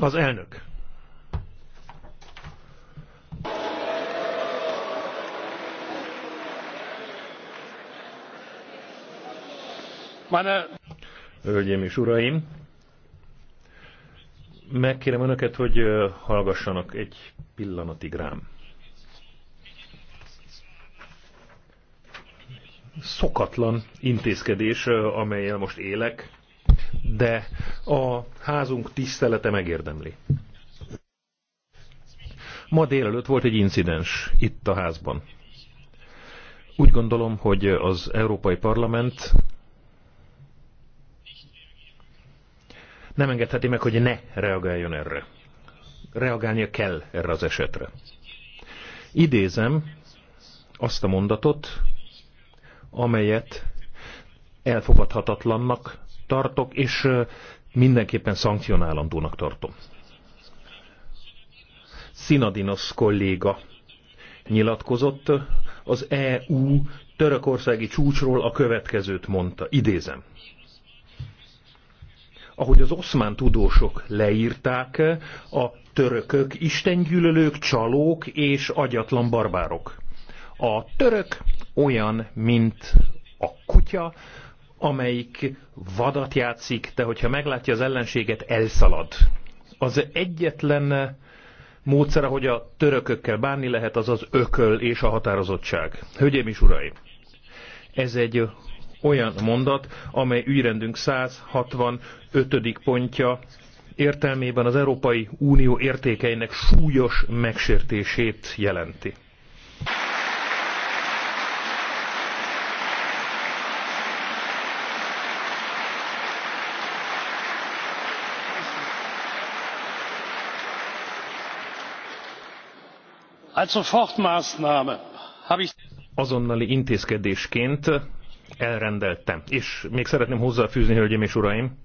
Az elnök. Hölgyeim és uraim, megkérem önöket, hogy hallgassanak egy pillanatig rám. Szokatlan intézkedés, amelyel most élek, de a házunk tisztelete megérdemli. Ma délelőtt volt egy incidens itt a házban. Úgy gondolom, hogy az Európai Parlament nem engedheti meg, hogy ne reagáljon erre. Reagálnia kell erre az esetre. Idézem azt a mondatot, amelyet elfogadhatatlannak tartok, és mindenképpen szankcionálandónak tartom. Sinadinos kolléga nyilatkozott, az EU törökországi csúcsról a következőt mondta, idézem. Ahogy az oszmán tudósok leírták, a törökök istengyűlölők, csalók és agyatlan barbárok. A török olyan, mint a kutya, amelyik vadat játszik, de hogyha meglátja az ellenséget, elszalad. Az egyetlen módszer, ahogy a törökökkel bánni lehet, az az ököl és a határozottság. Hölgyeim és uraim, ez egy olyan mondat, amely ügyrendünk 165. pontja értelmében az Európai Unió értékeinek súlyos megsértését jelenti. azonnali intézkedésként elrendeltem. És még szeretném hozzáfűzni, hölgyeim és uraim,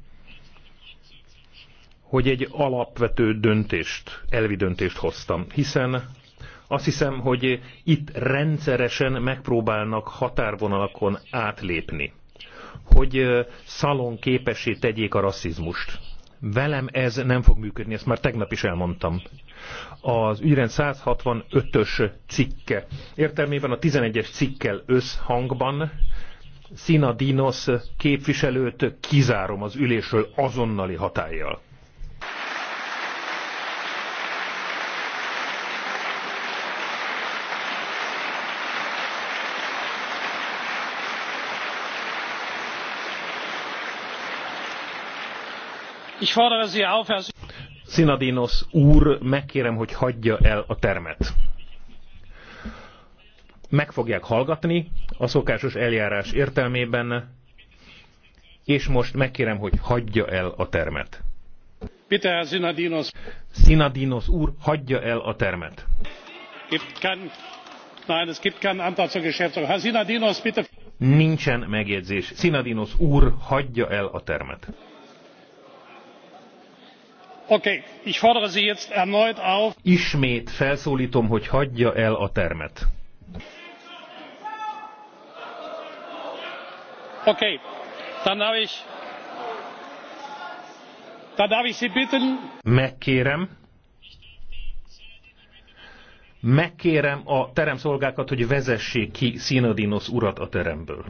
hogy egy alapvető döntést, elvi döntést hoztam, hiszen azt hiszem, hogy itt rendszeresen megpróbálnak határvonalakon átlépni, hogy szalon képessé tegyék a rasszizmust velem ez nem fog működni, ezt már tegnap is elmondtam. Az ügyrend 165-ös cikke értelmében a 11-es cikkel összhangban dinos képviselőt kizárom az ülésről azonnali hatállyal. Ich fordere Sie auf, Herr Sinadinos úr, megkérem, hogy hagyja el a termet. Meg fogják hallgatni a szokásos eljárás értelmében, és most megkérem, hogy hagyja el a termet. Bitte, Herr Sinadinos. Sinadinos úr, hagyja el a termet. Gibt kein... Nein, es gibt Antrag zur Geschäftsordnung. Herr Sinadinos, bitte. Nincsen megjegyzés. Sinadinos úr, hagyja el a termet. Ismét felszólítom, hogy hagyja el a termet. Okay, dann darf ich, dann darf ich Sie bitten. Megkérem, megkérem a teremszolgákat, hogy vezessék ki Sinodinos urat a teremből.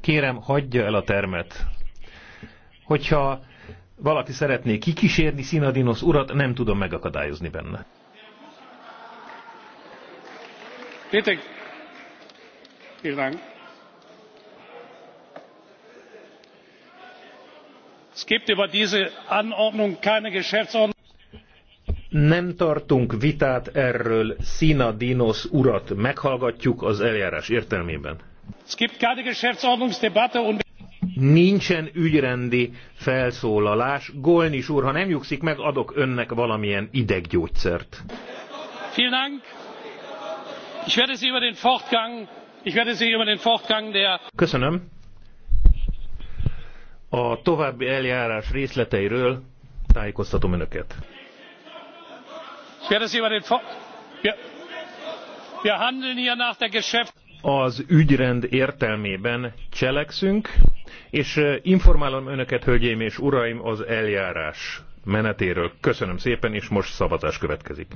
Kérem, hagyja el a termet. Hogyha valaki szeretné kikísérni Sinadinos urat, nem tudom megakadályozni benne. Péter, Es gibt über diese Anordnung keine Geschäftsordnung. Nem tartunk vitát erről, Sinadinos Dinos urat meghallgatjuk az eljárás értelmében. Nincsen ügyrendi felszólalás. gollnisch úr, ha nem nyugszik meg, adok önnek valamilyen ideggyógyszert. Köszönöm. A további eljárás részleteiről tájékoztatom önöket. Wir handeln hier nach der az ügyrend értelmében cselekszünk, és informálom önöket, hölgyeim és uraim, az eljárás menetéről. Köszönöm szépen, és most szavazás következik.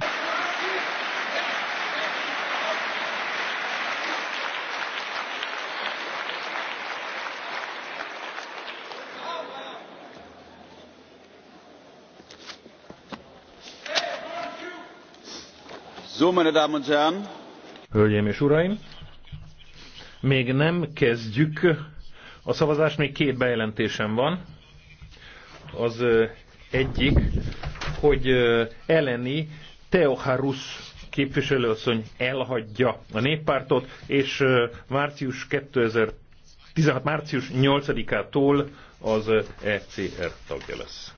Hölgyeim és uraim! Még nem kezdjük a szavazás még két bejelentésem van. Az egyik, hogy Eleni Teoharus képviselőasszony elhagyja a néppártot, és március 2016. március 8-ától az ECR tagja lesz.